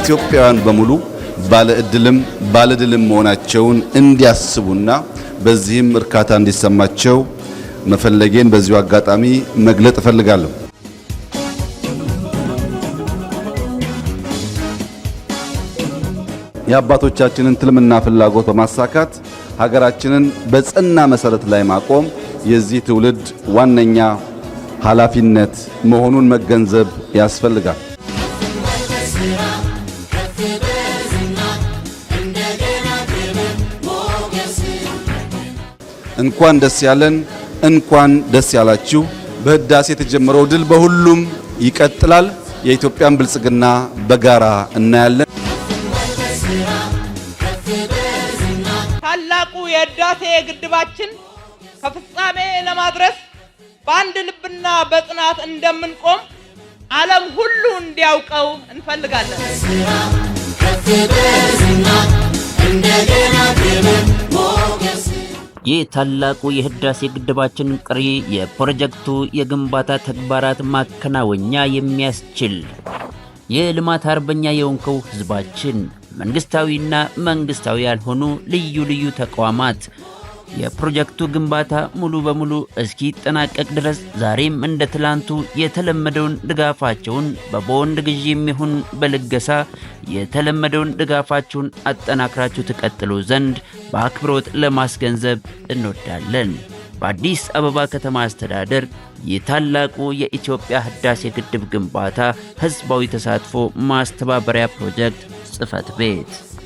ኢትዮጵያውያን በሙሉ ባለ ዕድልም ባለ ድልም መሆናቸውን እንዲያስቡና በዚህም እርካታ እንዲሰማቸው መፈለጌን በዚሁ አጋጣሚ መግለጥ እፈልጋለሁ። የአባቶቻችንን ትልምና ፍላጎት በማሳካት ሀገራችንን በጽና መሰረት ላይ ማቆም የዚህ ትውልድ ዋነኛ ኃላፊነት መሆኑን መገንዘብ ያስፈልጋል። እንኳን ደስ ያለን፣ እንኳን ደስ ያላችሁ። በህዳሴ የተጀመረው ድል በሁሉም ይቀጥላል። የኢትዮጵያን ብልጽግና በጋራ እናያለን። ታላቁ የህዳሴ ግድባችን ከፍጻሜ ለማድረስ በአንድ ልብና በጽናት እንደምንቆም ዓለም ሁሉ እንዲያውቀው እንፈልጋለን። ይህ ታላቁ የህዳሴ ግድባችን ቅሪ የፕሮጀክቱ የግንባታ ተግባራት ማከናወኛ የሚያስችል የልማት አርበኛ የሆንከው ህዝባችን መንግስታዊና መንግስታዊ ያልሆኑ ልዩ ልዩ ተቋማት የፕሮጀክቱ ግንባታ ሙሉ በሙሉ እስኪጠናቀቅ ድረስ ዛሬም እንደ ትላንቱ የተለመደውን ድጋፋቸውን በቦንድ ግዢ የሚሆን በልገሳ የተለመደውን ድጋፋቸውን አጠናክራችሁ ትቀጥሉ ዘንድ በአክብሮት ለማስገንዘብ እንወዳለን። በአዲስ አበባ ከተማ አስተዳደር የታላቁ የኢትዮጵያ ህዳሴ ግድብ ግንባታ ህዝባዊ ተሳትፎ ማስተባበሪያ ፕሮጀክት The fat debate.